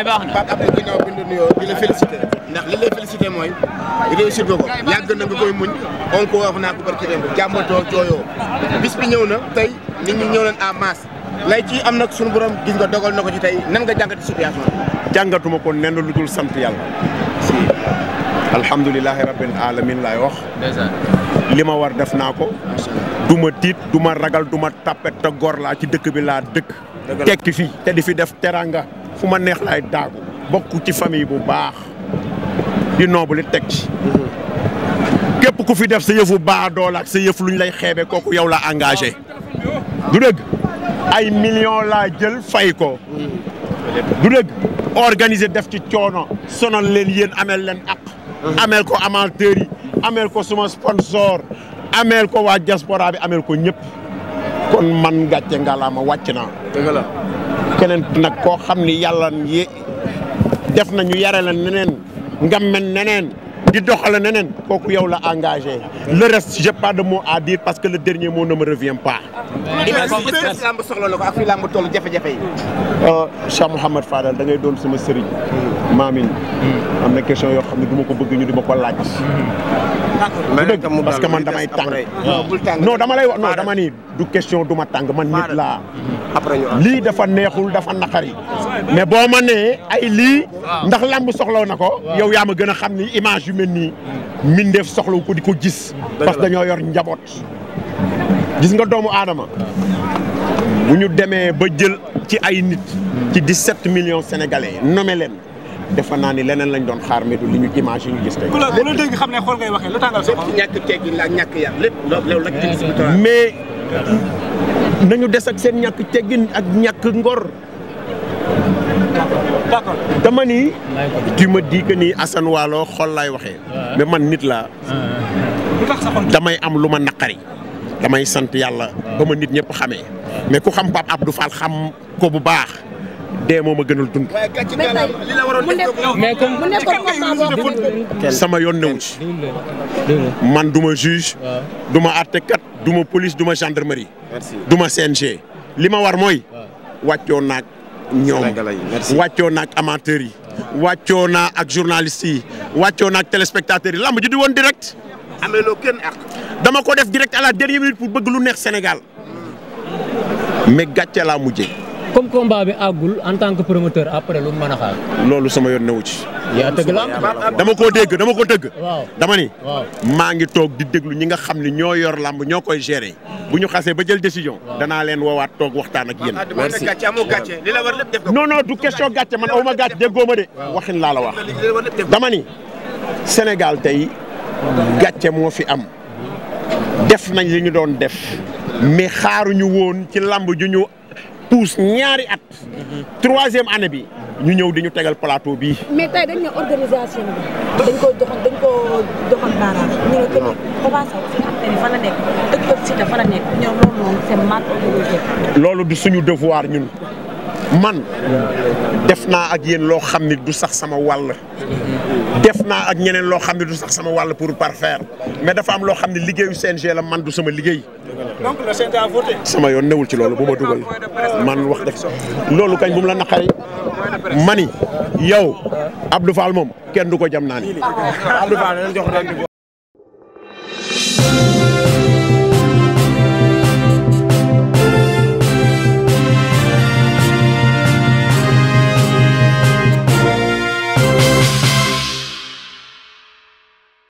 waaye baax na Pape Abdou ginnaaw bi ñu nuyoo ndax li lay félicité mooy réussite boobu yàgg na nga koy muñ on ko wax naa ko barki démb jooyoo bis bi ñëw na tey nit ñi ñëw leen en lay ci am na sunu borom gis nga dogal na ko ci tey nan nga jàngati situation jàngatuma ko nenn lu dul sant yàlla si alhamdulilahi rabbil alamin laay wax li ma war def naa ko du ma tiit duma ragal du ma tapet gor laa ci dëkk bi laa dëkk tekki fii te di fi def teraanga fu ma neex ay daagu bokk ci famille bu baax di noobuli teg ci képp ku fi def sa yëfu baax dool ak sa yëf lu lay xeebe kooku yow la engage du dëgg ay millions laa jël fay ko du dëgg organiser def ci coono sonal leen yéen ameel leen ak ameel ko amateur yi ameel ko suma sponsor ameel ko waa diaspora bi ameel ko ñëpp kon man gàcce ngalaama wàcc naa keneen nag koo xam ni yàlla def na ñu yare la neneen ngam men neneen di doxala neneen kooku yow la engagé le reste j'ai pas de mot à dire parce que le dernier moo ne me revient pas lamb soxla na ko ak fi lamb toll jafe-jafe yi euh, Cheikh Mouhamed Fadal da ngay doon sama sëriñ hmm. maamin hmm. am na question yoo xam ne du ma ko bëgg ñu di ma ko laaj hmm. parce que man damay tàng non dama lay wax non dama ni du question duma ma tàng man nit laa lii dafa neexul dafa naqari mais boo ma nee ay lii ndax lamb soxlaw na ko yow yaa ma gën a xam ni image yu mel nii mindeef soxlaw ko di ko jis parce que dañoo yor njaboot gis nga doomu aadama bu ñu demee ba jël ci ay nit ci set millions sénégalais nommé leen defe naa ni leneen lañ doon xaar mais du li ñu image yi ñu gis tey. ku xam ne xool ngay waxee lu tàngal sa ñàkk teggin la ñàkk yar lépp loolu mais nañu des ak seen ñàkk teggin ak ñakk ngor. d'accord dama ni. tu me dis que Waalo xol laay waxee. mais man nit laa. damay am lu ma naqari. damay sant yàlla ba ma nit ñëpp xamee mais ku xam Pape Abdou Fall xam ko bu baax dee moo a gënal dund. sama yoon newu ci man duma ma juge du ma àttekat du ma police du ma gendarmerie. du ma CNG li ma war mooy wàccoo naag ñoom wàccoo naag amateurs yi wàccoo naa ak journalistes yi wàccoo naag téléspectateurs yi lamb ji di woon direct. amee loo kenn dama ko def direct à la dernière minute pour bëgg lu neex Sénégal mais gàcce laa mujjee. comme combat bi àggul en tant que promoteur après lu mën a xaar. loolu sama yoon newu ci. yaa dama koo dégg dama ko tëgg. dama ni. maa ngi toog di déglu ñi nga xam ne ñoo yor làmb ñoo koy gérer. bu ñu xasee ba jël décision. danaa leen woowaat toog waxtaan ak yéen. merci li la war lépp def non non du question gàcce man aw ma gàcce déggoo ma de. waxin laa la wax dama ni Sénégal tey. gàcce moo fi am def nañ li ñu doon def mais xaaruñu woon ci làmb ju ñu puus ñaari at troisième année bi ñu ñëw di tegal plateau bii. mais bi loolu suñu devoir ñun man def naa ak yéen loo xam ni du sax sama wàll. def naa ak ñeneen loo xam ne du sax sama wàll pour parfaire mais dafa am loo xam ne liggéeyu CNG la man du sama liggéey. donc le sama yoon newul ci loolu bu ma dugal man wax def loolu kañ bu mu la naqari mani yow Abdou Fall moom kenn du ko jam naa ni.